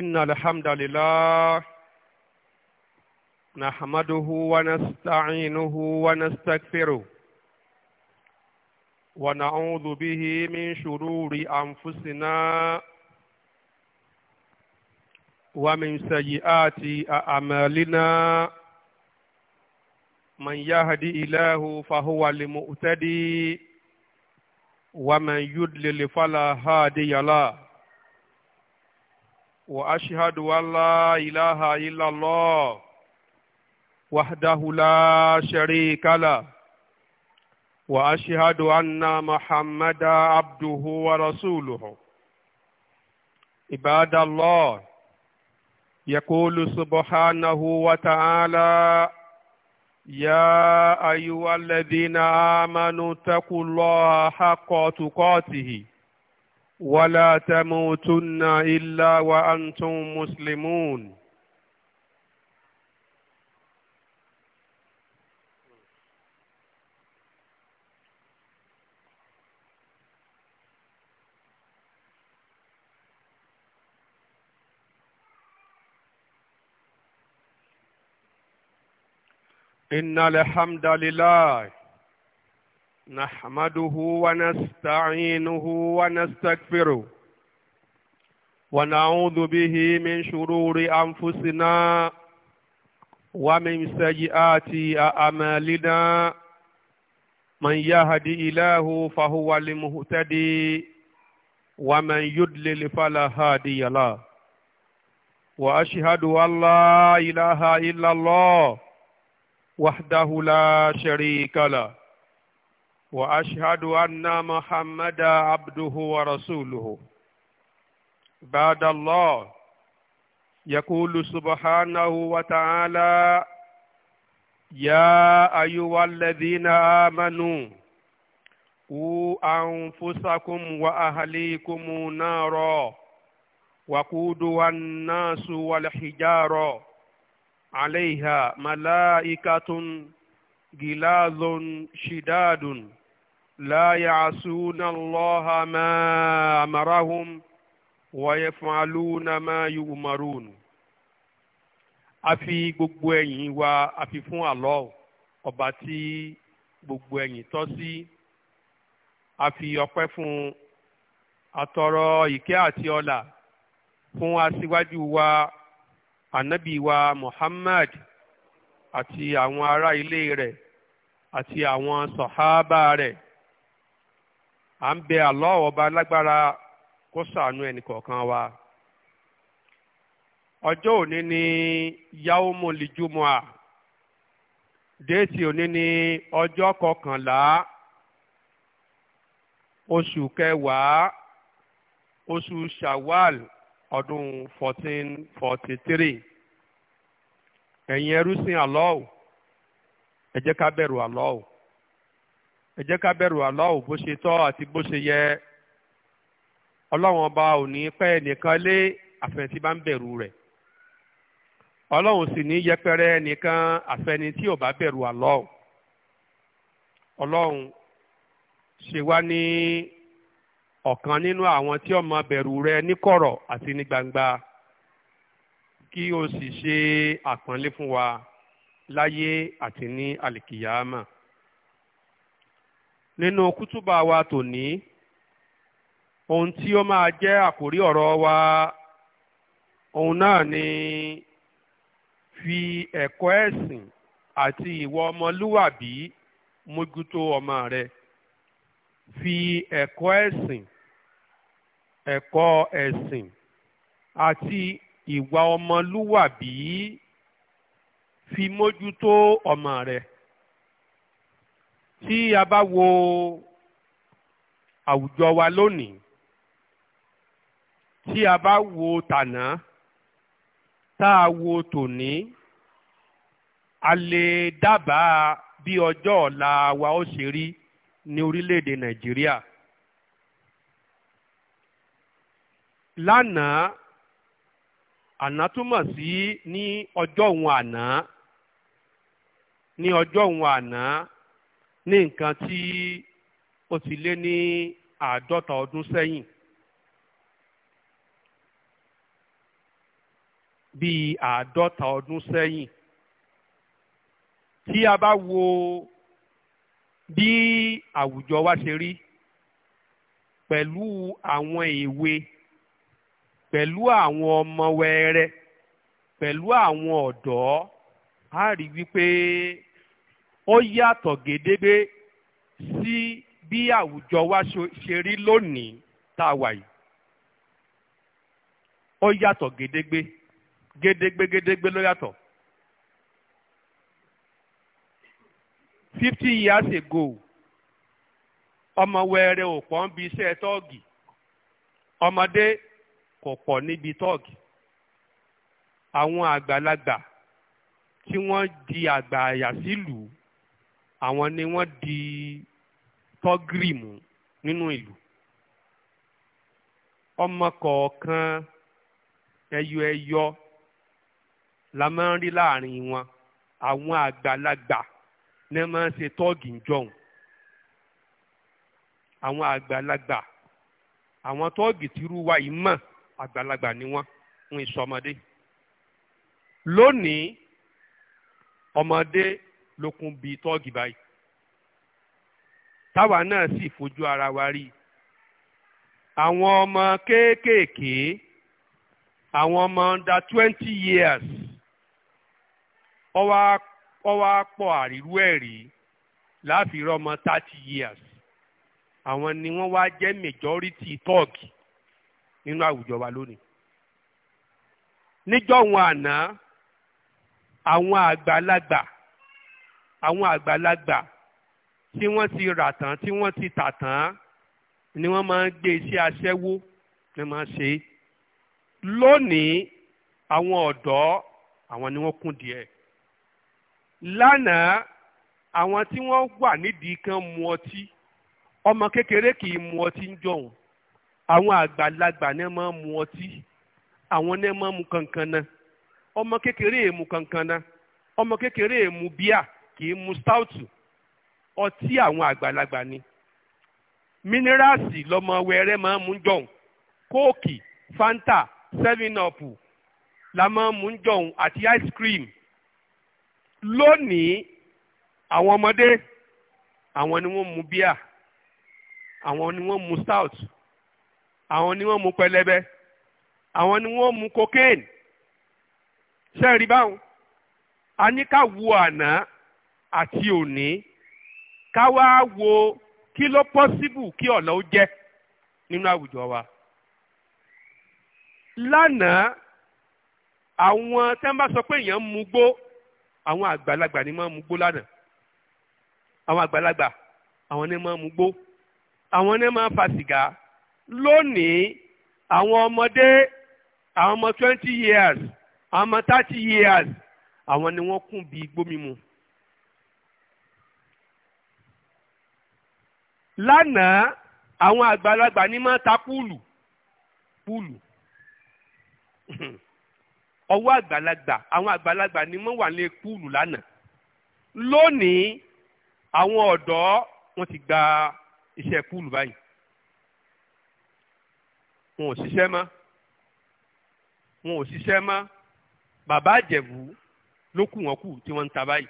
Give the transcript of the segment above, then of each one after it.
إن الحمد لله نحمده ونستعينه ونستغفره ونعوذ به من شرور أنفسنا ومن سيئات أعمالنا من يهدي إله فهو المؤتدي ومن يدلل فلا هادي له واشهد ان لا اله الا الله وحده لا شريك له واشهد ان محمدا عبده ورسوله عباد الله يقول سبحانه وتعالى يا ايها الذين امنوا اتقوا الله حق تقاته ولا تموتن إلا وأنتم مسلمون إن الحمد لله نحمده ونستعينه ونستغفره ونعوذ به من شرور أنفسنا ومن سيئات أعمالنا من يهدي إله فهو المهتدي ومن يدلل فلا هادي له وأشهد أن لا إله إلا الله وحده لا شريك له واشهد ان محمدا عبده ورسوله بعد الله يقول سبحانه وتعالى يا ايها الذين امنوا قوا انفسكم واهليكم نارا وقودها الناس والحجاره عليها ملائكه غلاظ شداد لا يعصون الله ما أمرهم ويفعلون ما يؤمرون a fi gbogbo ẹ̀yìn wa a fi fún Allah ọba tí gbogbo ẹ̀yìn tọ́ sí a fi ọpẹ́ fún àtọrọ ìkẹ́ àti ọlà fún aṣíwájú wa ànábì wa Muhammad àti àwọn ará ilé rẹ̀ àti àwọn sọ̀hábà rẹ̀. à ń bẹ Allah ọba lágbára kó ṣàánú ẹnì kọ̀ọ̀kan wa ọjọ́ òní ni yaumul jumua déètì òní ni ọjọ́ kọkànlá oṣù kẹwàá oṣù shawal ọdún fourteen forty three ẹ̀yin ẹrú sìn Allah ẹ jẹ́ ká bẹ̀rù Allah ẹ jẹ́ ká bẹ̀rù Allah bó ṣe tọ́ àti bó ṣe yẹ ọlọ́run ọba ò ní pẹ́ nìkan lé àfẹ̀ntí bá ń bẹ̀rù rẹ̀ ọlọ́run sì ní yẹpẹrẹ nìkan àfẹni tí ò bá bẹ̀rù Allah ọlọ́run ṣe wá ní ọ̀kan nínú àwọn tí ó máa rẹ ní àti ní gbangba kí o sì ṣe àpọ́nlé fún wa láyé àti ní àlìkìyàmà nínú kútùbà wa tòní ohun tí ó máa jẹ́ àkórí ọ̀rọ̀ wa ohun náà ni fi ẹ̀kọ́ ẹ̀sìn àti ìwà ọmọlúwàbí mójútó ọmọ rẹ fi ẹ̀kọ́ ẹ̀sìn ẹ̀kọ́ ẹ̀sìn àti ìwà ọmọlúwàbí fi mójútó ọmọ rẹ tí a bá wo àwùjọ wa lónìí tí a bá wo tàná tá a wo tòní a lè dábàá bí ọjọ́ ọ̀la wa ó ṣe rí ní orílẹ̀-èdè Nàìjíríà. lánàá àná túmọ̀ sí ní ọjọ́ òun àná ní ọjọ́ òun àná ní nǹkan tí ó ti lé ní àádọ́ta ọdún sẹ́yìn bíi àádọ́ta ọdún sẹ́yìn tí a bá wo bí àwùjọ wa ṣe rí pẹ̀lú àwọn èwe pẹ̀lú àwọn ọmọ wẹẹrẹ pẹ̀lú àwọn ọ̀dọ́ a rí wípé ó yàtọ̀ gédégbé sí bí àwùjọ wa ṣe rí lónìí tá a wà yìí ó yàtọ̀ gédégbé gédégbé gédégbé ló yàtọ̀ fifty years ago ọmọ wẹrẹ ò pọ̀ ń bi iṣẹ́ tọ́ọ̀gì ọmọdé kò pọ̀ níbi tọ́ọ̀gì àwọn àgbàlagbà tí wọ́n di àgbà àyà sílùú àwọn ni wọn di tọ́gìrìmù nínú ìlú ọmọ kọ̀ọ̀kan ẹyọ ẹyọ la máa ń rí láàrin wọn àwọn àgbàlagbà ní máa ń ṣe tọ́ọ̀gì jọ̀hún àwọn àgbàlagbà àwọn tọ́ọ̀gì tìrú wa yìí mọ̀ àgbàlagbà ni wọn ń lónìí ọmọdé ló kún bíi tọ́ọ̀gì báyìí táwa náà sì fojú ara wa rí àwọn ọmọ kéékèèké àwọn ọmọ under twenty years ọwọ́ pọ̀ àrírú ẹ̀ rí láàfin ọmọ thirty years àwọn ni wọ́n wá jẹ́ majority tọ́ọ̀gì nínú àwùjọ wa lónìí níjọ́ wọn àná àwọn àgbàlagbà àwọn àgbàlagbà tí wọ́n ti rà tí wọ́n ti tà tán ni wọ́n máa ń gbé iṣẹ́ aṣẹ́wó ni wọ́n máa ṣe lónìí àwọn ọ̀dọ́ àwọn ni wọ́n kún díẹ̀ lánàá àwọn tí wọ́n wà nídìí kan mu ọtí ọmọ kékeré mu ọtí ń jọ̀hún àwọn àgbàlagbà mu ọtí àwọn máa ń mu kankan kankan náà ọmọ kékeré kì í mu stoutu ọtí àwọn àgbàlagbà ni mínírààsì lọmọ wẹrẹ máa mú jọ̀hún kóòkì fanta seven up la máa ń mú jọ̀hún àti ice cream lónìí àwọn ọmọdé àwọn ni wọ́n mu bíà àwọn ni wọ́n mu stout àwọn ni wọ́n mu pẹlẹbẹ àwọn ni wọ́n mu cocaine ṣe rí báwọn a ní ká wo àná àti òní ká wá wo kí ló pọ́síbù kí ọ̀la ó jẹ́ nínú àwùjọ wa. lánàá àwọn tẹ́ ń bá sọ pé èèyàn ń mugbó àwọn àgbàlagbà ni máa ń mugbó lánàá àwọn àgbàlagbà àwọn ni máa ń mugbó àwọn ni máa ń fa sìgá lónìí àwọn ọmọdé àwọn ọmọ twenty years àwọn ọmọ thirty years àwọn ni wọ́n kún bí igbó mímu. lánàá àwọn àgbàlagbà ní máa ta púùlù púùlù ọwọ́ àgbàlagbà àwọn àgbàlagbà ní máa wà ní púùlù lánàá lónìí àwọn ọ̀dọ́ wọn ti gba iṣẹ́ púùlù báyìí wọn ò ṣiṣẹ́ mọ́ wọn ò ṣiṣẹ́ mọ́ bàbá àjẹ̀bù ló kù wọ́n kù tí wọ́n ń ta báyìí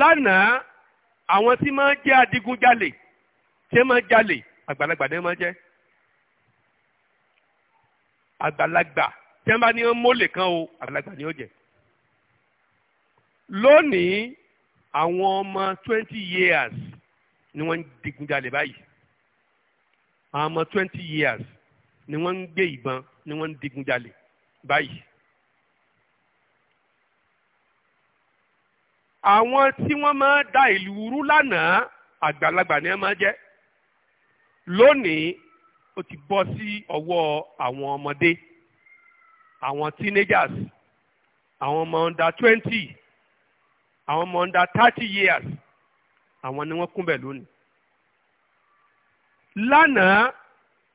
lánàá àwọn tí máa ń jẹ́ adigunjalè tí máa ń jalè àgbàlagbà ni wọ́n máa ń jẹ́ àgbàlagbà tí wọ́n bá ní wọ́n kan o àgbàlagbà ni ó jẹ́ lónìí àwọn ọmọ twenty years ni wọ́n ń digunjalè báyìí àwọn ọmọ twenty years ni wọ́n ń gbé ìbọn ni wọ́n ń digunjalè báyìí àwọn tí wọ́n máa da ìlú rú lánàá àgbàlagbà ni wọ́n máa jẹ́ lónìí ó ti bọ́ sí ọwọ́ àwọn ọmọdé àwọn teenagers àwọn ọmọ under twenty àwọn ọmọ under thirty years àwọn ni wọ́n kúnbẹ̀ lónìí lánàá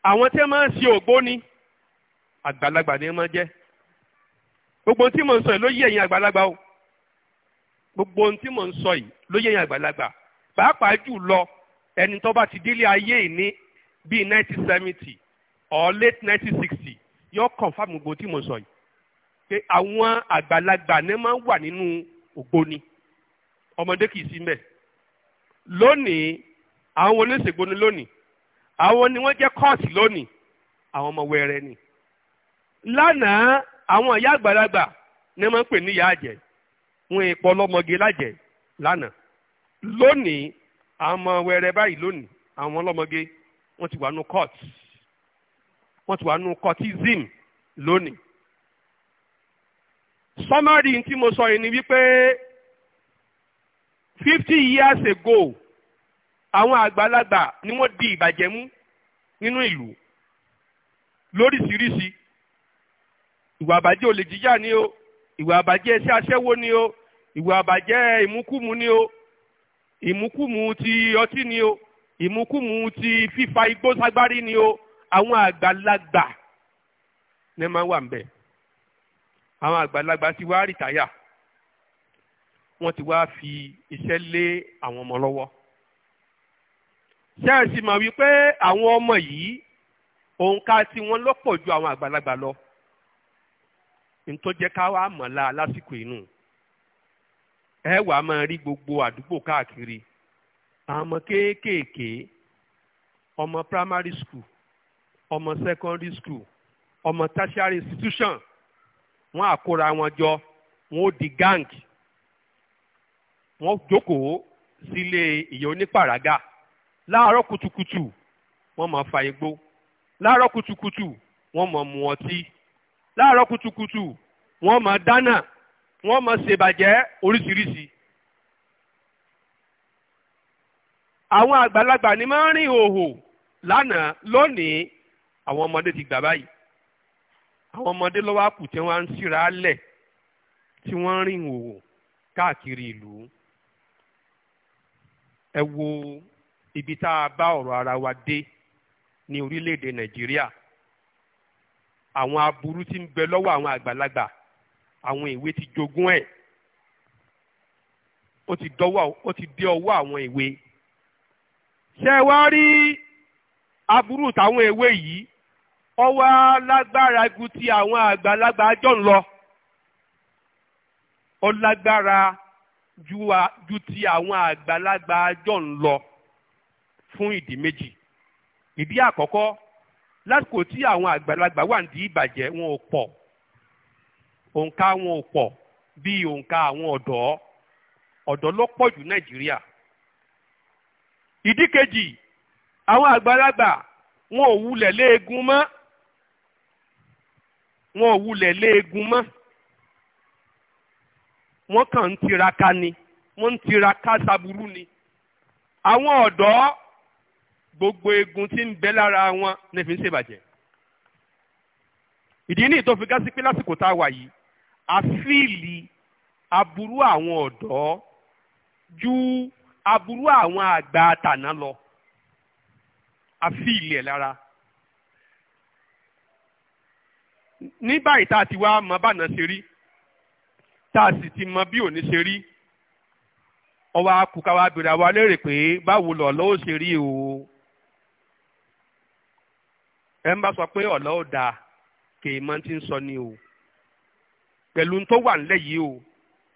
àwọn tí wọ́n máa ń ṣe ògbóni àgbàlagbà ni wọ́n máa jẹ́ gbogbo tí mo ń sọ yìí ló yí ẹ̀yin àgbàlagbà o gbogbo ohun tí mò ń sọ yìí ló yẹ̀yìn àgbàlagbà pàápàá jù lọ ẹni tó bá ti délé ayé ìní bíi nineteen seventy or late nineteen sixty yóò confam gbogbo tí mò ń sọ yìí pé àwọn àgbàlagbà ni máa ń wà nínú ògbóni ọmọdé kì sí mbẹ lónìí àwọn oníṣègbóni lónìí àwọn ni wọ́n jẹ́ kọ́ọ̀tì lónìí àwọn ọmọ wẹrẹ ni lánàá àwọn ìyá àgbàlagbà ni wọ́n máa pè ní ìyá àjẹ́ wọn èèpọ̀ ọlọ́mọge lájẹ̀ lánàá lónìí àwọn ọmọ wẹrẹ báyìí lónìí àwọn ọlọ́mọge wọ́n ti wà nù court wọ́n ti wà nù courtism lónìí. sọ́mọ́rì tí mo sọ yìí ni wípé fifty years ago àwọn àgbàlagbà ni wọ́n di ìbàjẹ́ mú nínú ìlú lóríṣiríṣi ìwà àbàjẹ́ olè jíjà ni o ìwà àbàjẹ́ iṣẹ́ aṣẹ́wó ni o ìwà àbàjẹ́ ìmúkùmù ni o ìmúkùmù ti ọtí ni o ìmúkùmù ti fífa igbó sagbárí ni o àwọn àgbàlagbà ni máa wà ń àwọn àgbàlagbà ti wá rìtáyà wọ́n ti wá fi iṣẹ́ lé àwọn ọmọ lọ́wọ́ ṣẹ́ẹ̀sì mọ̀ wípé àwọn ọmọ yìí òǹkà tiwọn lọ́pọ̀ ju àwọn àgbàlagbà lọ ntọ́jẹ́ ká wàá mọ̀ la lásìkò inú ẹ wàá máa rí gbogbo àdúgbò káàkiri àwọn kéékèèké ọmọ primary school ọmọ secondary school ọmọ tertiary institution wọ́n àkóra wọn jọ wọ́n ó di gang wọ́n jókòó sílé ìyá onípàràgà láàárọ̀ kùtùkùtù wọ́n máa fa igbó láàárọ̀ kùtùkùtù wọ́n máa mu ọtí. láàárọ̀ kutukutu wọ́n máa dáná wọ́n máa ṣèbàjẹ́ oríṣiríṣi. àwọn àgbàlagbà ni máa ń rìn òhò lánàá lónìí àwọn ọmọdé ti gbà báyìí àwọn ọmọdé lọ́wọ́ àpò tí wọ́n á ń síra lẹ̀ tí wọ́n ń rìn òhò káàkiri ìlú ẹ wo ibi tá a bá ọ̀rọ̀ ara wa dé ní orílẹ̀-èdè nàìjíríà àwọn aburú tí ń bẹ lọ́wọ́ àwọn àgbàlagbà àwọn èwe ti jogún ẹ̀ ó ti dọ́wọ́ ó ti dé ọwọ́ àwọn èwe ṣé ẹ wá rí aburú táwọn èwe yìí ó wá lágbára ju ti àwọn àgbàlagbà jọ ń lọ ó lágbára ju ti àwọn àgbàlagbà jọ ń lọ fún ìdí méjì ìdí àkọ́kọ́ lásìkò tí àwọn àgbàlagbà wà ní ìbàjẹ́ wọn ò pọ̀ òǹkà wọn ò pọ̀ bíi òǹkà àwọn ọ̀dọ́ ọ̀dọ́ ló pọ̀ jù nàìjíríà. ìdí kejì àwọn àgbàlagbà wọn ò wulẹ̀ léegun mọ́ wọn ò wulẹ̀ léegun mọ́ wọ́n kàn ń tiraka ni wọ́n ń tiraka saburu ni àwọn ọ̀dọ́ gbogbo egun tí ń bẹ lára wọn ní fi ń ṣèbàjẹ́ ìdí ní ìtọ́ fi gá sí pé lásìkò tá a wà yìí àfíìlì aburú àwọn ọ̀dọ́ ju aburú àwọn àgbà àtàná lọ àfíìlì ẹ̀ lára ní báyìí tá a ti wá mọ báná ṣe rí tá a sì ti mọ bí òní ṣe rí ọwọ́ akùkà wa bèrè àwa lérè pé báwo lọ̀ọ́ lọ́wọ́ ṣe rí o ẹ ń bá sọ pé ọ̀lọ́ ò dáa kì í máa ti ń sọ ni o pẹ̀lú tó wà nílẹ̀ yìí o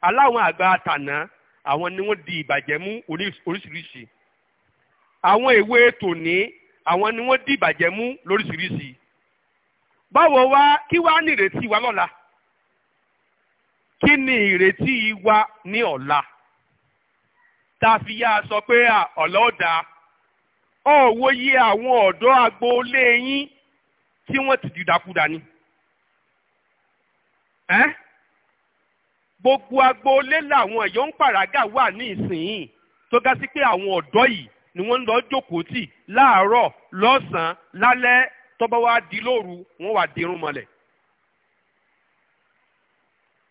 aláwọn àgbà àtàná àwọn ni wọ́n di ìbàjẹ́ mú oríṣiríṣi àwọn ìwé tòní àwọn ni wọ́n di ìbàjẹ́ mú lóríṣiríṣi báwo wá kí wá ní ìrètí wa lọ́la kí ni ìrètí wa ní ọ̀la tá fi yá sọ pé ọ̀la ó dáa ọ̀wọ́ yẹ àwọn ọ̀dọ́ agboolé yín tí wọ́n ti dìdàkudà ni. gbogbo agboolé làwọn èèyàn ń pàràgà wà ní ìsìn tó ga sí pé àwọn ọ̀dọ́ yìí ni wọ́n ń lọ jókòó tì láàárọ̀ lọ́sàn-án lálẹ́ tó bá wá di lóru wọ́n wá dirun mọ́lẹ̀.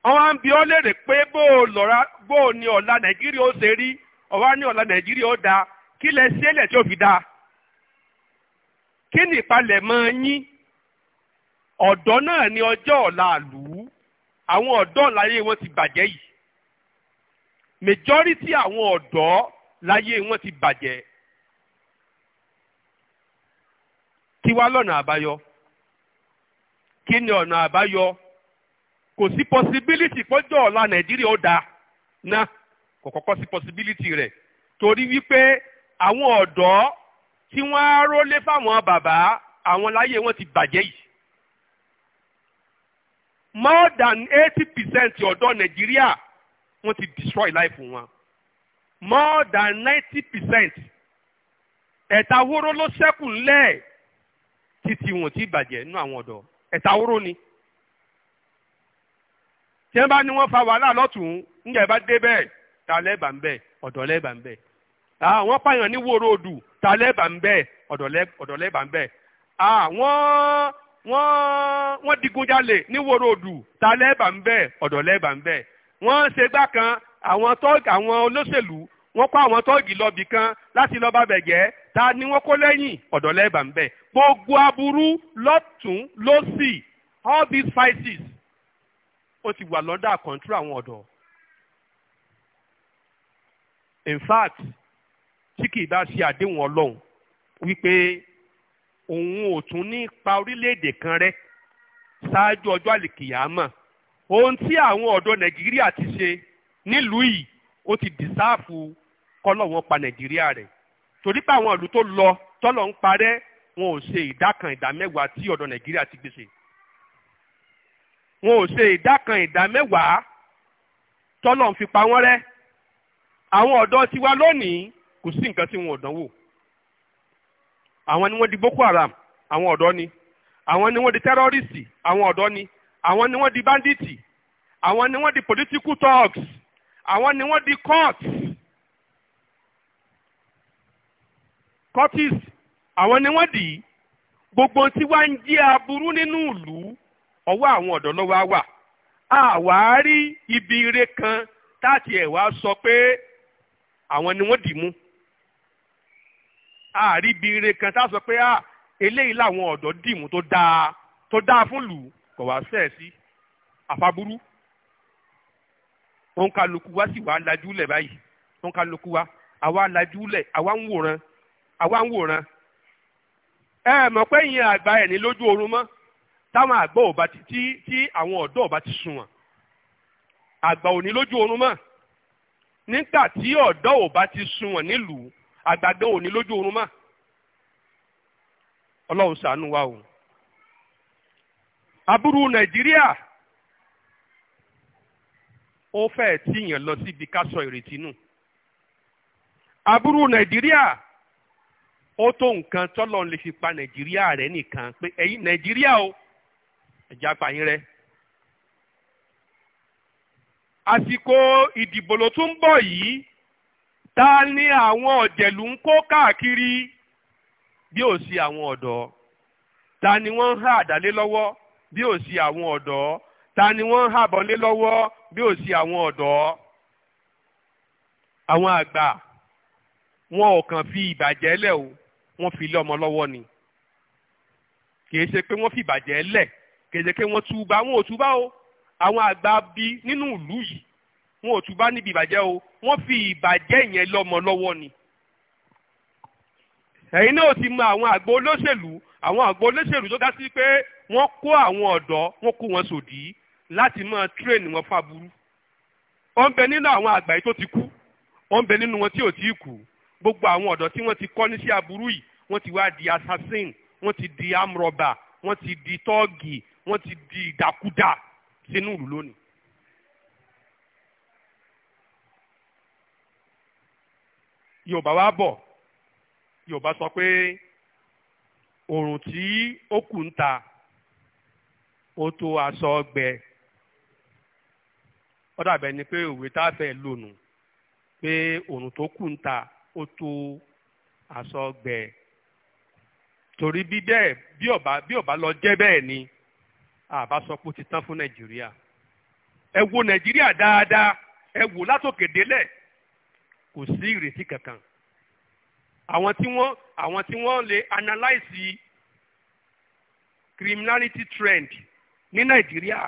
àwọn àǹbí ọ lérè pé bó o ní ọ̀la nàìjíríà ó ṣe rí ọ̀wá ní ọ̀la nàìjíríà ó dáa kí lẹ ṣẹlẹ̀ tí ó fi dáa kí ni ìpalẹ̀mọ́ yín ọ̀dọ́ náà ni ọjọ́ ọ̀la àlù àwọn ọ̀dọ́ láyé wọn ti bàjẹ́ yìí majority àwọn ọ̀dọ́ láyé wọn ti bàjẹ́ kí wá lọ́nà àbáyọ kí ni ọ̀nà àbáyọ kò sí possibility pọ́jọ́ ọ̀la nàìjíríà ó dáa náà kò kọ́kọ́ sí possibility rẹ̀ torí wípé àwọn ọ̀dọ́ tí wọ́n á rólé fáwọn bàbá àwọn láyé wọn ti bàjẹ́ yìí more than eighty percent ọ̀dọ́ nàìjíríà wọ́n ti destroy life wọn more than ninety percent ẹ̀ta wóró ló ṣẹ́kù ńlẹ̀ títí wọn ti bàjẹ́ nínú àwọn ọ̀dọ́ ẹ̀ta wóró ni tí wọ́n bá ní wọ́n fa wàhálà lọ́tún ńgbà bá dé bẹ́ẹ̀ ta lẹ́bà ń bẹ̀ ọ̀dọ́ lẹ́bà ń bẹ̀ àwọn pààyàn ní wóró odù ta lẹ́bà ń bẹ̀ ọ̀dọ́ lẹ́bà ń bẹ̀ àwọn wọ́n wọ́n digunjalè ní wòròdù ta lẹ́ẹ̀bà ń bẹ̀ ọ̀dọ̀ lẹ́ẹ̀bà ń bẹ̀ wọ́n ṣe gbá kan àwọn tọ́ọ̀gì àwọn olóṣèlú wọ́n kó àwọn tọ́ọ̀gì lọ́bì kan láti lọ́ọ́ bá bẹ̀gẹ́ ta ni wọ́n kó lẹ́yìn ọ̀dọ̀ lẹ́ẹ̀bà ń bẹ̀ gbogbo aburú lọ́tún lọ́sì all these spices ó ti wà lọ́dà control àwọn ọ̀dọ́ in fact tí kì í bá ṣe àdéhùn ọlọ́run wípé òun ò tún ní pa orílẹ̀-èdè kan rẹ́ ṣáájú ọjọ́ àlìkìyàmọ̀ ohun tí àwọn ọ̀dọ́ nàìjíríà ti ṣe nílùú yìí ó ti dìsáàfù kọ́lọ̀ wọn pa nàìjíríà rẹ̀ torí pé àwọn ìlú tó lọ tọ́lọ̀ ń parẹ́ wọn ò ṣe ìdá kan ìdá mẹ́wàá tí ọ̀dọ́ nàìjíríà ti gbèsè wọn ò ṣe ìdá kan tọ́lọ̀ ń fi pa wọ́n rẹ́ àwọn ọ̀dọ́ tiwa lónìí kò sí nǹkan tí wọn ò dánwò àwọn ni wọ́n di boko haram àwọn ọ̀dọ́ ni àwọn ni wọ́n di tẹ́rọ́rìsì àwọn ọ̀dọ́ ni àwọn ni wọ́n di bandits àwọn ni wọ́n di political thugs àwọn ni wọ́n di courts courts àwọn ni wọ́n di gbogbo tí wàá ń jẹ́ aburú nínú ìlú ọwọ́ àwọn ọ̀dọ́ lọ́wọ́ á wà àwárí ibi ire kan táàtì ẹ̀ wá sọ pé àwọn ni wọ́n dì mú àríbiire kan tá a sọ pé à ah, eléyìí làwọn ọ̀dọ́ dìmú tó dáa tó dáa fún lù kò wá sẹ́ẹ̀ sí àfàbúrú òǹkàlùkù wa sì wà lajúlẹ̀ báyìí òǹkàlùkù wa àwa lajúlẹ̀ àwa ń wòran àwa ń wòran ẹ mọ̀ pé ìyẹn àgbà ẹ̀ ní lójú oorun mọ́ táwọn àgbà ò bá ti tí tí àwọn ọ̀dọ́ ò bá ti sunwọ̀n àgbà ò ní lójú oorun mọ́ nígbà tí ọ̀dọ́ ò bá ti sunwọ̀n nílùú àgbàdo òní lójú oorun mà ọlọ́run ṣàánú wa o aburú nàìjíríà ó fẹ́ẹ̀ tíyàn lọ síbi ká sọ ìrètí nù aburú nàìjíríà ó tó nǹkan tọ́lọ́ lè fi pa nàìjíríà rẹ nìkan pé ẹ̀yin nàìjíríà o ẹ̀já pààyàn rẹ àsìkò ìdìbò ló tún ń bọ̀ yìí ta ni àwọn ọ̀jẹ̀lú ń kó káàkiri bí ò sí àwọn ọ̀dọ́ ta ni wọ́n ń há àdálé lọ́wọ́ bí ò sí àwọn ọ̀dọ́ ta ni wọ́n ń hábọ̀lé lọ́wọ́ bí ò sí àwọn ọ̀dọ́ àwọn àgbà wọn ò kàn fi ìbàjẹ́ lẹ̀ o wọ́n fi lé ọmọ lọ́wọ́ ni kìí ṣe pé wọ́n fi ìbàjẹ́ lẹ̀ kìí ṣe pé wọ́n túbà wọn ò túbà o àwọn àgbà bí nínú ìlú yìí wọn ò túbá níbi ìbàjẹ́ o wọ́n fi ìbàjẹ́ yẹn lọ́mọ lọ́wọ́ ni. ẹ̀yin náà ti mọ àwọn àgbo olóṣèlú àwọn àgbo olóṣèlú tó dá sí pé wọ́n kó àwọn ọ̀dọ́ wọ́n kó wọn sòdí láti máa tírèènì wọn fáburú. ó ń bẹ nínú àwọn àgbà yìí tó ti kú ó ń bẹ nínú wọn tí ò tí ì kú gbogbo àwọn ọ̀dọ́ tí wọ́n ti kọ́ níṣẹ́ aburú yìí wọ́n ti wá di assassin wọ́n ti di amrọ̀bà wọ́n ti di tọ́ọ̀gì wọ́n ti di ìdàkúdà sínú ìlú lónìí. yorùbá wa bọ̀ yorùbá sọ pé òrùn tí ó kù ń ta ó tó aṣọ ọgbẹ ó ni pé òwe tá a fẹ́ lò nù pé òrùn tó kù ń ta ó tó aṣọ ọgbẹ torí bí bẹ́ẹ̀ bí ọba bí ọba lọ jẹ́ bẹ́ẹ̀ ni àbá sọ pé ó ti tán fún nàìjíríà ẹ wo nàìjíríà dáadáa ẹ wò látòkè délẹ̀ kò sí ìrètí kankan àwọn tí wọ́n àwọn tí wọ́n lè analyse criminality trend ní nàìjíríà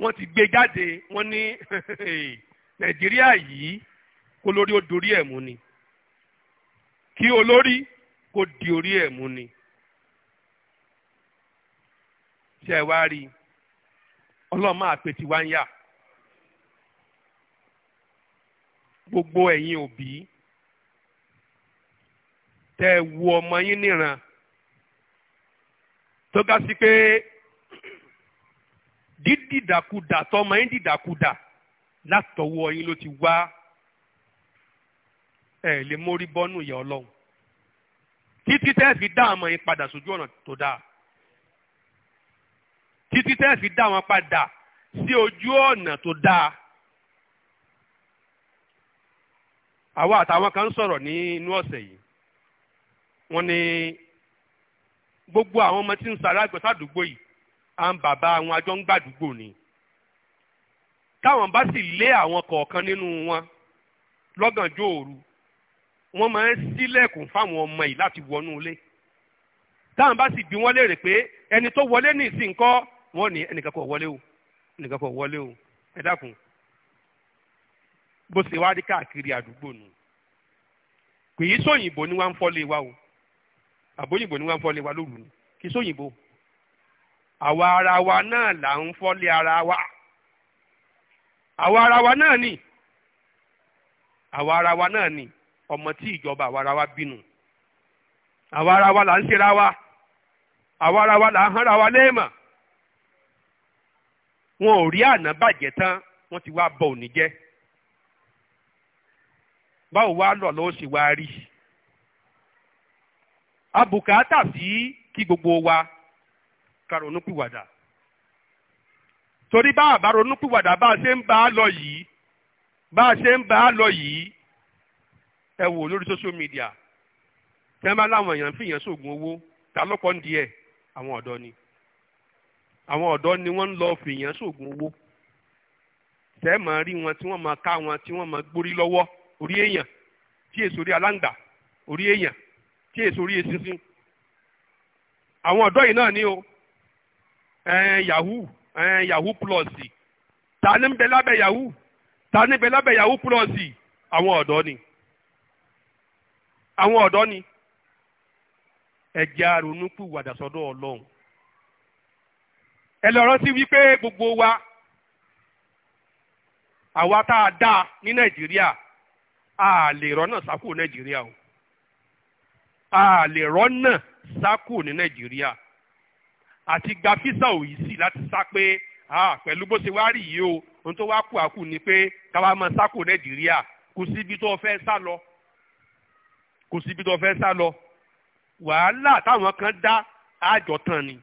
wọ́n ti gbé jáde wọ́n ní nàìjíríà yìí kó lórí ó dorí ẹ̀ mú ni kí olórí kó di orí ẹ̀ mú ni ṣe wá rí ọlọ́run máa pè tiwa ń yà gbogbo ẹ̀yin òbí tẹ́ ẹ wo ọmọ yín níran tó ga sí pé dídìdàkudà tọmọ yín dìdàkudà látọwọ́ yín ló ti wá ẹ lè mórí bọ́nú ìyá ọlọ́run títí tẹ́ fi dá àmọ́ yín padà sójú ọ̀nà tó dáa títí tẹ́ fi dá wọn padà sí ojú ọ̀nà tó dáa. àwa àtàwọn kan ń sọ̀rọ̀ ní inú ọ̀sẹ̀ yìí wọ́n ní gbogbo àwọn ọmọ tí ń sara àgbọ̀sá àdúgbò yìí à ń bàbá àwọn àjọ ń gbàdúgbò ni táwọn bá sì lé àwọn kọ̀ọ̀kan nínú wọn lọ́gànjọ́ òru wọ́n máa ń sílẹ̀kùn fáwọn ọmọ yìí láti wọnú ilé táwọn bá sì bí wọ́n léèrè pé ẹni tó wọlé ní kọ́ wọ́n ní ẹnìkan kò wọlé o ẹnìkan kò wọlé o ẹ dákun bó ṣe wá rí káàkiri àdúgbò nù kì í sóyìnbó ni wọ́n ń fọ́lé wa o àbóyìnbó ni wọ́n ń fọ́lé wa lóru ni kì í sóyìnbó àwa ara wa náà là ń fọ́lé ara wa àwa ara wa náà ni àwa ara wa náà ni ọmọ tí ìjọba àwa ara wa bínú àwa ara wa là ń ṣera wa àwa ara wa là ń hánra wa léèmọ̀ wọn ò rí àná bàjẹ́ tán wọ́n ti wá bọ òní jẹ́. báwo wá lọ wá rí abùkátà sí kí gbogbo wa ká ronúpìwàdà torí bá àbá ronúpìwàdà bá a ṣe ń bá a lọ yìí bá a ṣe ń bá lọ yìí ẹ wò lórí social media tí wọ́n bá láwọn èèyàn sóògùn owó ta lọ́pọ̀ ń díẹ̀ àwọn ọ̀dọ́ ni àwọn ọ̀dọ́ ni wọ́n ń lọ fìyàn sóògùn owó tẹ́ẹ̀ máa rí wọn tí wọ́n ká wọn tí orí èèyàn tí èso orí aláǹgbà orí èèyàn tí èso orí eṣinṣin àwọn ọ̀dọ́ yìí náà ni o yahoo yahoo plus ta ni bẹ lábẹ́ yahoo ta ni bẹ lábẹ́ yahoo plus àwọn ọ̀dọ́ ni àwọn ọ̀dọ́ ni ẹ̀jẹ̀ àrònúkú wàdà sọ́dọ̀ ọlọ́run ẹ lọ rántí wípé gbogbo wa àwa tá a dá ní nàìjíríà a lè rọ́nà sákò nàìjíríà o a lè rọ́nà sákò ní nàìjíríà àti gba físà òyì sí láti sá pé pẹ̀lú bó ṣe wá rí yìí o ohun tó wá kù àkù ni pé káwá máa sákò nàìjíríà kò síbi tó fẹ́ sá lọ kò síbi tó fẹ́ sá lọ wàhálà táwọn kan dá àjọtán ni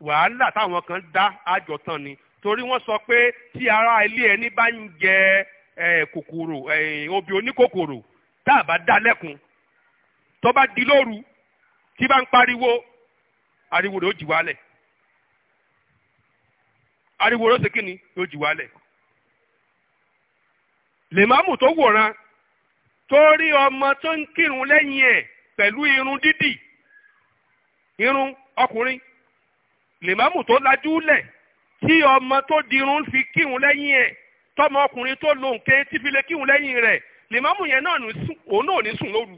wàhálà táwọn kan dá àjọtán ni torí wọ́n sọ pé tí ará ilé ẹni bá ń jẹ kòkòrò obì oníkòkòrò tá a bá dá lẹ́kun tó bá di lóru tí bá ń pariwo ariwo rẹ̀ ó jì wálẹ̀ ariwo rẹ̀ ó ṣe kíni ó jì wálẹ̀ lèmọ́mù tó wòran tó rí ọmọ tó ń kírun lẹ́yìn ẹ̀ pẹ̀lú irun dídì irun ọkùnrin lèmọ́mù tó lajú lẹ̀ tí ọmọ tó dirun fi kírun lẹ́yìn ẹ̀ tọmọ ọkùnrin tó lo nǹkan tí fi lè kíhun lẹ́yìn rẹ̀ lèmọ́mù yẹn náà òun náà ní sùn lóru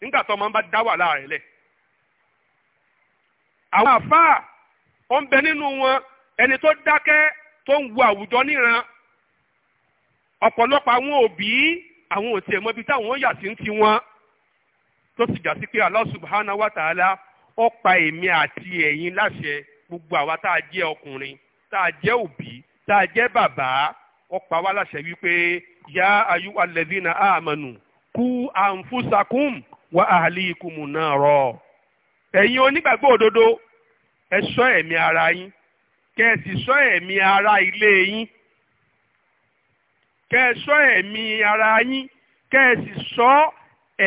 nígbà tọmọ bá dá wà láàrin lẹ̀. àwọn àfáà ó ń bẹ nínú wọn ẹni tó dákẹ́ tó ń wo àwùjọ níran ọ̀pọ̀lọpọ̀ àwọn òbí àwọn òtí ẹ̀mọ́ ibi táwọn yà sí ti wọn tó sì jà sí pé Allah subhanahu wa ta'ala ó pa èmi àti ẹ̀yin láṣẹ gbogbo àwa tá a jẹ́ ọkùnrin tá a jẹ́ òbí tá a jẹ́ bàbá ó ya láṣẹ wípé yá ayú alẹ́dínà àmọ́nù kú àǹfùsàkùm náà rọ. ẹ̀yin onígbàgbọ́ òdodo ẹ ẹ̀mí ara yín kẹ́ ẹ sì ẹ̀mí ara ilé yín kẹ́ ẹ ṣọ́ ẹ̀mí ara yín kẹ́ ẹ sì o ẹ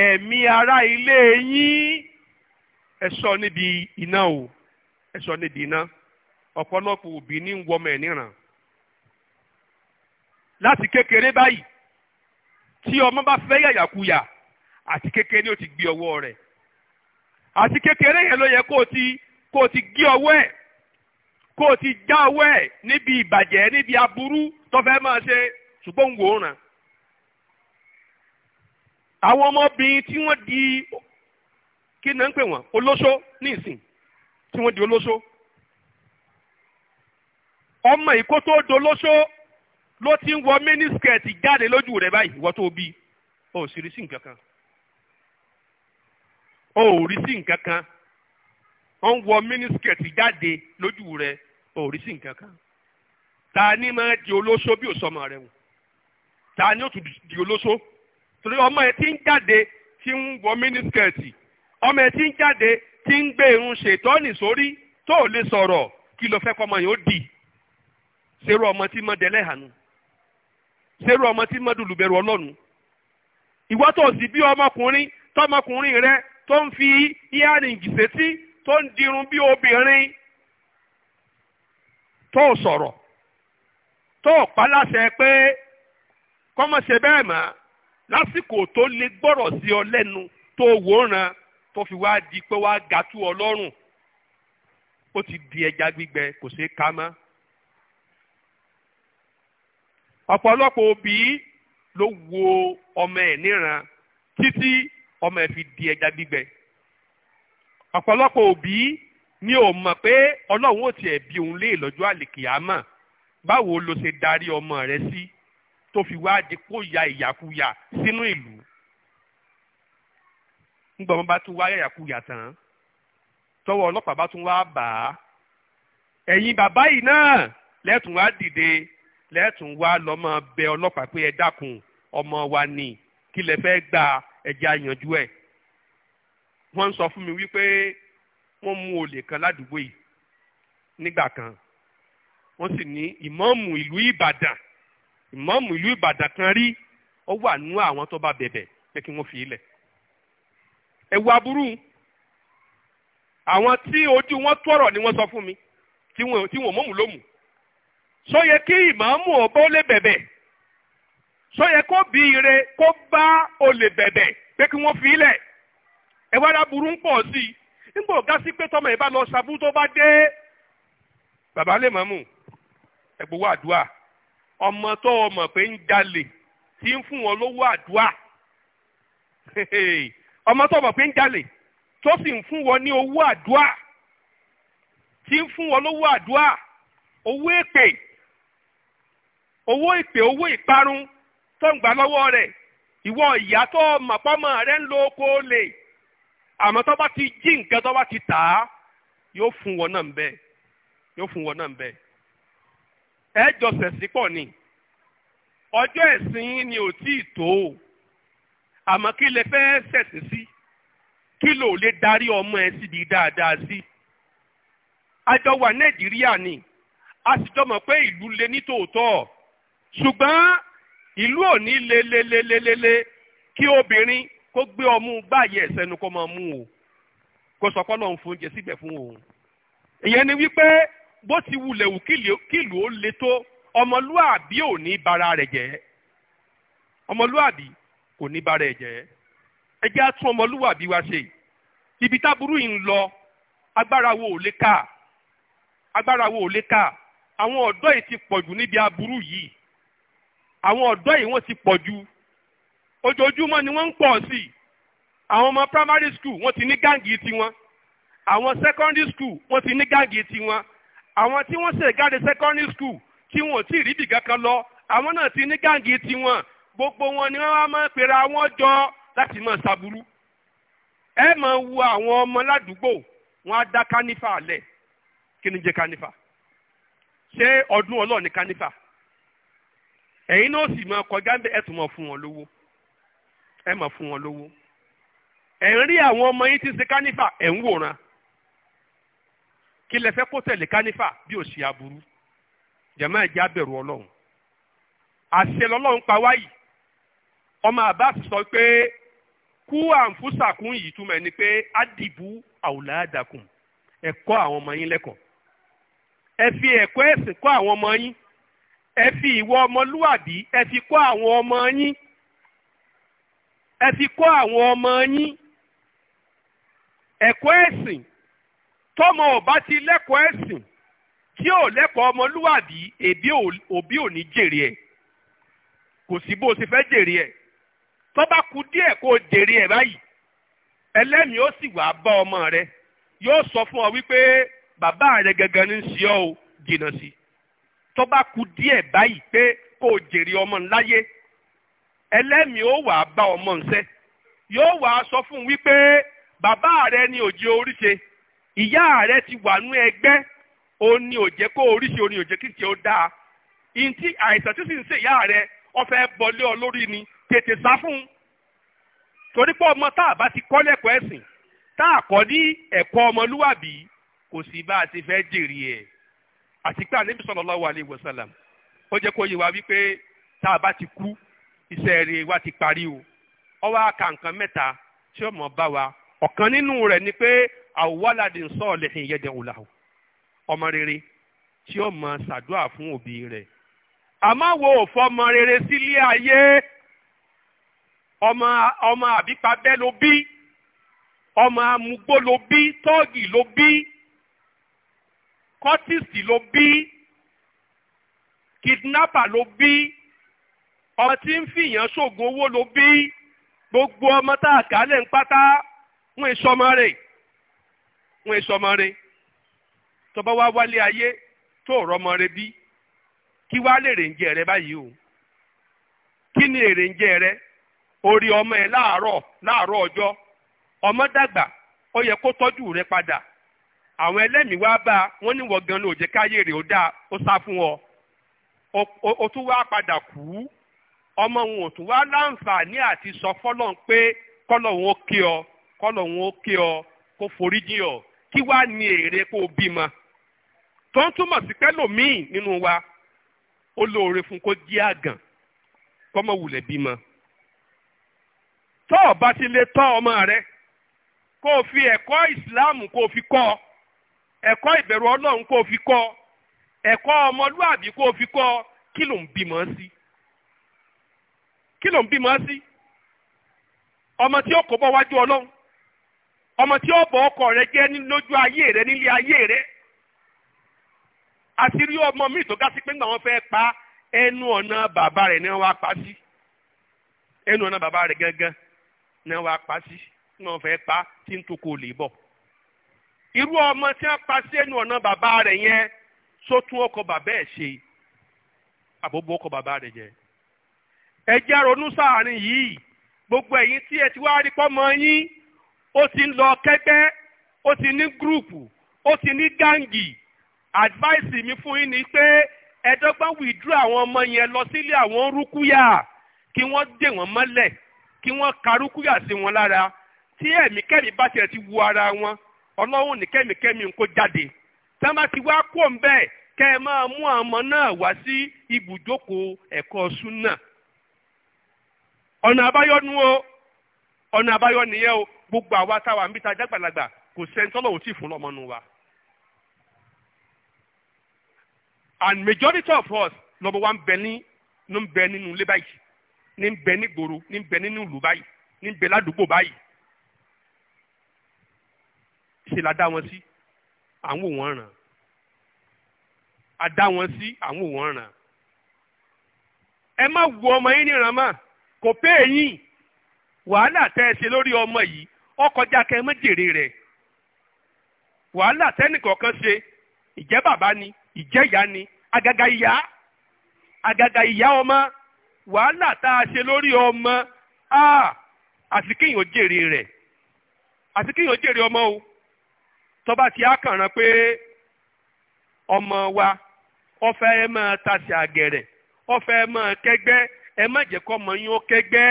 níbi iná láti kékeré báyìí tí ọmọ bá fẹ́ yàyàkuyà àti kékeré ni ó ti gbé ọwọ́ rẹ̀ àti kékeré yẹn ló yẹ kó o ti kó o ti gé ọwọ́ ẹ̀ kó o ti já ọwọ́ ẹ̀ níbi ìbàjẹ́ níbi aburú tó fẹ́ máa ṣe ṣùgbọ́n wò ó ràn. àwọn ọmọbìnrin tí wọ́n di kí náà ń pè wọ́n olóṣó ní ìsìn tí wọ́n di olóṣó ọmọ ìkótó dolóṣó ló ti ń wọ mínísíkẹ̀tì jáde lójú rẹ̀ báyìí wọ́n tó bí o ò sì rí sí nǹkan kan o ò rí sí nǹkan kan ó ń wọ mínísíkẹ̀tì jáde lójú rẹ̀ o ò rí sí nǹkan kan ta ni máa di olóso bí òsọmọ rẹ wò ta ni ó tún di olóṣó torí ọmọ ẹ ti ń jáde ti ń wọ mínísíkẹ̀tì ọmọ ẹ ti ń jáde ti ń gbé irun ṣètọ́nì sórí tó lè sọ̀rọ̀ kí ló fẹ́ kọ́ ọmọ yẹn ó dì ṣerú ọmọ tí mọ́ dẹ́lẹ́hànú. ṣerú ọmọ tí mọ́dùlù bẹ̀rù ọlọ́run ìwọ́ tó sì bí ọmọkùnrin tọmọkùnrin rẹ tó ń fi íyárìngì sétí tó ń dirun bí obìnrin tó sọ̀rọ̀ tó pa láṣẹ pé kọ́mọ̀ṣe bẹ́ẹ̀ mọ́ lásìkò tó lè gbọ́rọ̀ sí ọ lẹ́nu tó wòran tó fi wá di pé wá gàtú ọlọ́run ó ti di ẹja gbígbẹ kò ṣeé ká mọ́ ọ̀pọ̀lọpọ̀ òbí ló wo ọmọ ẹ̀ níran títí ọmọ ẹ̀ fi di ẹja gbígbẹ ọ̀pọ̀lọpọ̀ òbí ni ò mọ̀ pé ọlọ́run ò tiẹ̀ bí òun lé lọ́jọ́ àlìkìyámà báwo ló ṣe darí ọmọ rẹ sí tó fi wá di kó ya ìyàkuyà sínú ìlú ńgbọ̀n bá tún wá yàyàkuyà tán tọwọ́ ọlọ́pàá bá tún wá bà á ẹ̀yin bàbá yìí náà lẹ́tùn wá dìde lẹ́ẹ̀tún wá lọ́mọ bẹ ọlọ́pàá pé ẹ dákun ọmọ wa ni kí lẹ fẹ́ gba ẹja yanjú ẹ̀. wọ́n ń sọ fún mi wípé wọ́n mú olè kan ládùúgbò yìí nígbà kan wọ́n sì ní ìmọ̀ọ́mù ìlú Ìbàdàn ìmọ̀ọ́mù ìlú Ìbàdàn kan rí ó wà nú àwọn tó bá bẹ̀bẹ̀ pé kí wọ́n fi ilẹ̀. ẹ̀wù aburú àwọn tí ojú wọn tọrọ ni wọ́n sọ fún mi tí wọn ò mọ̀mù sọ yẹ kí ìmáàmù ọba ó lè bẹ̀bẹ̀ sọ yẹ kó bí ire kó bá olè bẹ̀bẹ̀ pé kí wọ́n fi ilẹ̀ ẹ wá rà burú ń pọ̀ sí i nígbà ọ̀gá sí pé tọmọ ẹ̀ bá lọ ṣàbù tó bá dé bàbá lè mọ̀mù ẹ̀gbọ́wọ́ àdúrà ọmọ tó ọmọ pé ń jalè tí ń fún wọn lówó àdúrà ọmọ tó ọmọ pé ń jalè tó sì ń fún wọn ní owó àdúrà tí ń fún wọn lówó àdúrà owó èpè owó ìpè owó ìparun tó ń gbà lọ́wọ́ rẹ̀ ìwọ ìyá tó mọ̀pọ́mọ̀ rẹ̀ ń lo oko lè àmọ́ tó bá ti jí nǹkan tó bá ti tà á yóò fún wọn náà bẹ́ẹ̀ yóò fún wọn náà bẹ́ẹ̀ ẹ jọ sẹ̀sìn pọ̀ ni ọjọ́ ẹ̀sìn ni ò tí ì tó o àmọ́ kí lè fẹ́ sẹ̀sìn sí kí ló lè darí ọmọ ẹ síbi dáadáa sí àjọwà nàìjíríà ni a sì jọ mọ̀ pé ìlú lé ní tòótọ́ ṣùgbọ́n ìlú ò ní lelelelelele kí obìnrin kó gbé ọmú báyìí ẹ̀sẹ̀nu kó máa mú o kó sọ pé Ọlọ́run fún oúnjẹ síbẹ̀ fún òun. ìyẹn ni wípé bó ti wulẹ̀ wù kílù ó le tó ọmọlúàbí ò ní bara rẹ̀ jẹ́ ọmọlúàbí kò ní bara ẹ̀ jẹ́ ẹ jẹ́ á tún ọmọlúàbí wa ṣe ibi táburú yìí ń lọ agbára wo ò lè ká agbára wo ò lè ká àwọn ọ̀dọ́ yìí ti pọ̀jù níbi aburú yìí àwọn ọ̀dọ́ yìí wọ́n ti pọ̀ ju ojoojúmọ́ ni wọ́n ń pọ̀ sí i àwọn ọmọ primary school wọ́n ti ní gáǹgì tiwọn àwọn secondary school wọ́n ti ní gáǹgì tiwọn àwọn tí wọ́n ṣègáde secondary school tí wọn ò tí ì rí ibì kankan lọ àwọn náà ti ní gáǹgì tiwọn gbogbo wọn ni wọ́n wá máa pera wọn jọ láti máa ṣàbùrú ẹ máa wo àwọn ọmọ ládùúgbò wọn á dá kánífà lẹ̀ kí ni jẹ́ kánífà ṣé ọdún ọlọ́ọ̀ ni kánífà ẹ̀yin náà sì máa kọjá ẹ tún máa fún wọn lówó ẹ máa fún wọn lówó ẹ̀ ń rí àwọn ọmọ yín tí ń ṣe kánífà ẹ̀ ń wòran kí lẹ fẹ́ kó tẹ̀lé kánífà bí ò ṣe aburú jẹ̀mọ́ ẹ̀jẹ̀ abẹ̀rù ọlọ́run àṣẹ lọ́lọ́run pa wáyìí ọmọ Abbas sọ pé kú àǹfùsàkún yìí túmọ̀ ni pé ádìbú àwòládàkùn ẹ̀kọ́ àwọn ọmọ yín lẹ́kọ̀ọ́ ẹ fi ẹ̀kọ́ ẹ̀sìn kọ́ àwọn ọmọ yín ẹ fi ìwọ ọmọlúwàbí ẹ fi kọ́ àwọn ọmọ yín ẹ fi kọ́ àwọn ọmọ yín ẹ̀kọ́ ẹ̀sìn tọ́mọ ò ti lẹ́kọ̀ọ́ ẹ̀sìn tí ò lẹ́kọ̀ọ́ ọmọlúwàbí èbí òbí ò ní jèrè ẹ̀ kò sí bó o ṣe fẹ́ jèrè ẹ̀ tó bá kù kó o jèrè ẹ̀ báyìí ẹlẹ́mìí ó sì wá bá ọmọ rẹ yóò sọ fún ọ wípé bàbá rẹ gẹ́gẹ́ ní í ṣe ọ́ o jìnnà sí i tó bá ku díẹ̀ báyìí pé kó o jèrè ọmọ ńláyé ẹlẹ́mìí ó wàá bá ọmọ ńṣẹ́ yóò wàá sọ fún un wípé bàbá rẹ ni òjé oríṣe ìyá rẹ ti wà nú ẹgbẹ́ ó ní òjé kó oríṣe ó ní òjé kí tiẹ̀ ó dáa ìntí àìsàn tí sì ń ṣe ìyá rẹ ọfẹ́ bọlé ọ ni tètè sá fún un torí pé ọmọ tá a bá ti kọ́ lẹ́kọ̀ọ́ ẹ̀sìn tá a kọ́ ní ẹ̀kọ́ ọmọlúwàbí kò sí bá a ti fẹ́ jèrè ẹ̀ àti pé ànábì sallallahu alaihi wasallam ó jẹ́ kó yé wa wípé tá a bá ti kú iṣẹ́ rẹ̀ wa ti parí o ó wá ka nǹkan mẹ́ta tí ó mọ̀ bá wa ọ̀kan nínú rẹ̀ ni pé àwòwáládìn sọ́ọ̀lẹ̀ ìyẹ́dẹ̀ òlàwọ̀ ọmọ rere tí ó mọ̀ ṣàdúrà fún òbí rẹ̀ àmọ́ wo òfọmọ rere sílé ayé ọmọ ọmọ àbípa bẹ́ẹ̀ ló bí ọmọ amúgbó ló bí tọ́ọ̀gì ló bí curtis ló bí kidnapper ló bí ọmọ tí ń fìyàn ṣoògùn owó ló gbogbo ọmọ tá a kà á lẹ̀ ń pátá wọn èso ọmọ rẹ wọn èso ọmọ rẹ̀ tó rẹ o kí ni èrè ń jẹ rẹ orí ọmọ ẹ láàárọ̀ láàárọ̀ ọjọ́ ọmọ dàgbà ó yẹ kó àwọn ẹlẹ́mìí wá bá wọ́n ní wọ̀gán ló jẹ́ káyé rẹ̀ ó dáa ó sá fún ọ ó tún wá padà kú ọmọ òun ò tún wá láǹfààní àti sọ fọlọ́n pé kọ́lọ́hún ó kí ọ kọ́lọ́hún ó kí ọ kó foríjì ọ kí wá ní èrè kó o bímọ tó ń túmọ̀ sí pẹ́lòmíì nínú wa ó lóore fún kó jẹ́ àgàn kọ́mọ wulẹ̀ bímọ tọ́ ọ bá ti lè tọ́ ọmọ rẹ kó o fi ẹ̀kọ́ ìsìláàmù kó o fi kọ́ ọ ẹ̀kọ́ ìbẹ̀rù ọlọ́run kó o fi kọ́ ẹ̀kọ́ ọmọlúàbí kó o fi kọ́ kí ló ń bímọ sí kí ló ń bímọ sí ọmọ tí ó kó bọ́ wájú ọlọ́run ọmọ tí ó bọ̀ ọkọ rẹ jẹ́ lójú ayé rẹ nílé ayé rẹ àṣírí ọmọ mi tó pé ńgbà wọn fẹ́ pa ẹnu ọ̀nà bàbá rẹ̀ ni pa sí ẹnu ọ̀nà bàbá rẹ̀ gángan ni pa sí ńgbà wọn fẹ́ pa tí ń tó kó lè bọ̀. irú ọmọ tí wọ́n pa sí ẹnu ọ̀nà bàbá rẹ̀ yẹn só tún ọkọ̀ bàbá ẹ̀ ṣe àbóbó ọkọ̀ bàbá rẹ̀ jẹ. ẹ jẹ́ ronú sáàárín yìí gbogbo ẹ̀yin tí ẹ ti wá rí pọ́mọ yín ó ti ń lọ kẹ́gbẹ́ ó ti ní gúrùpù ó ti ní gáǹgì advice mi fún yín ni pé ẹ dọ́gbọ́n àwọn ọmọ yẹn lọ sílé àwọn rúkúyà kí wọ́n dè wọ́n mọ́lẹ̀ kí wọ́n ka rúkúyà sí wọn lára tí ẹ̀mí kẹ́mi bá tiẹ̀ ti wu ara wọn ọlọ́run ní kẹ́mìkẹ́mì kó jáde tí wọ́n bá ti wá kó ń bẹ́ẹ̀ kẹ́ ẹ máa mú ọmọ náà wá sí ibùjókòó ẹ̀kọ́ súnà ọ̀nà àbáyọ nu o ọ̀nà àbáyọ gbogbo àwa táwa ń bí ta jágbàlagbà kò sẹ́ńtọ́lọ̀ ò tí ì wa. and majority of us lọ́mọ wa ń bẹ ní ń bẹ nínú ilé báyìí ní ń bẹ ní ń bẹ nínú ìlú báyìí ní se la dá wọn sí à ń wò wọ́n a wọn sí à ń wò ẹ má wo ọmọ yín níran mọ́ kò pé yín wàhálà tẹ́ ẹ ṣe lórí ọmọ yìí ọkọjá ẹ má jèrè wàhálà ṣe ìjẹ́ bàbá ni ìjẹ́ ìyá ni agaga ìyá àgàgà ìyá ọmọ wàhálà tá a ṣe lórí ọmọ àti kéèyàn jèrè ọmọ o. tọ́ba ti àkànràn pé ọmọ wa ọfẹ ẹ máa tasì àgẹ̀rẹ̀ ọfẹ ẹ máa kẹ́gbẹ́ ẹ má jẹ́ kọ́ ọmọ yín ó kẹ́gbẹ́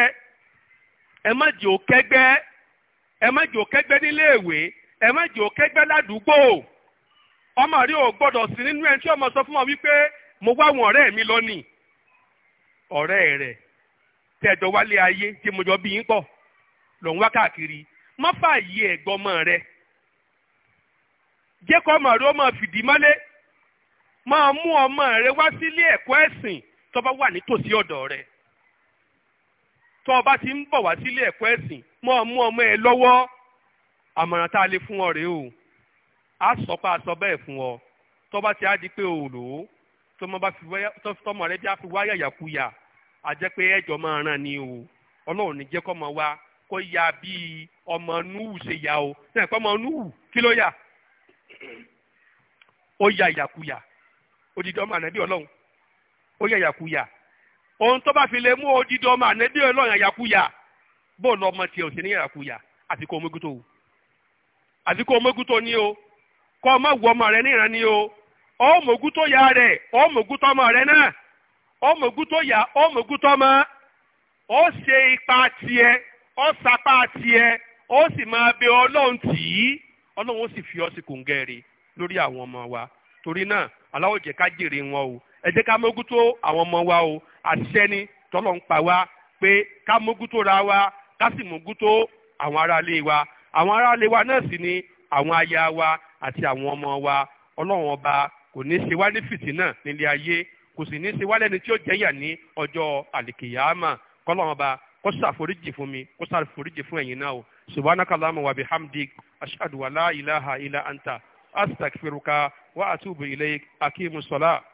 ẹ má jẹ́ ó kẹ́gbẹ́ ẹ má jẹ́ ó níléèwé ẹ má ó ọmọ rí o gbọdọ sí nínú ẹni tí ọmọ sọ fún ọ wípé mo wá àwọn mi wálé ayé tí jẹ́ kọ́ ọmọ rẹ ọmọ fìdí mọ́lé máa mú ọmọ rẹ wá sílé ẹ̀kọ́ ẹ̀sìn tó bá wà nítòsí ọ̀dọ̀ rẹ tó o bá ti ń bọ̀ wá sílé ẹ̀kọ́ ẹ̀sìn máa mú ọmọ ẹ lọ́wọ́ àmọ̀ràn tá a lè fún ọ rèé o a sọ pé a sọ bẹ́ẹ̀ fún ọ tó bá ti á di pé o lò ó tọmọ rẹ bí a fi wá yàyàkuyà a jẹ́ pé ẹ̀jọ̀ máa ràn ni o ọlọ́run ní jẹ́ kọ́ ọmọ wa kó ya bíi ọmọ núhù ṣe ya o náà pé ọmọ núhù kí ló yà ó ya ìyàkuyà odidi ọmọ anabi ọlọrun ó ya ìyàkuyà ohun tó bá fi lè mú odidi ọmọ ànábì ọlọ́run ìyàkuyà bóòlù ọmọ tiẹ̀ ò sí ní ìyàkuyà àti kó omégútó o àti kó omégútó ni o kó ọmọ wù ọmọ rẹ níran ni o ọmọgútó ya rẹ ọmọgútó ọmọ rẹ náà ọmọgútó ya ọmọgútó ọmọ ó ṣe ipa tiẹ̀ ó sapá tiẹ̀ ó sì máa bẹ ọlọ́run tì í. ọlọ́run ó sì fi ọ sí kòǹgẹ́rì lórí àwọn ọmọ wa torí náà aláwọ̀ jẹ́ ká jèrè wọn o ẹ jẹ́ ká mójútó àwọn ọmọ wa o àṣẹ ni tọ́lọ̀ ń pa wá pé ká mójútó ra wa ká sì mójútó àwọn aráalé wa àwọn aráalé wa náà sì ni àwọn aya wa àti àwọn ọmọ wa ọlọ́run ọba kò ní ṣe wá ní fìtínà nílé ayé kò sì ní ṣe wá lẹ́ni tí ó jẹ́yà ní ọjọ́ àlìkìyàmà kọ́lọ́run ọba kó ṣàforíjì fún mi kó ṣàforíjì fún ẹ̀yin náà o subhanakallahumma wa bihamdik أشهد ولا إله إلا أنت أستغفرك وأتوب إليك أقيم الصلاة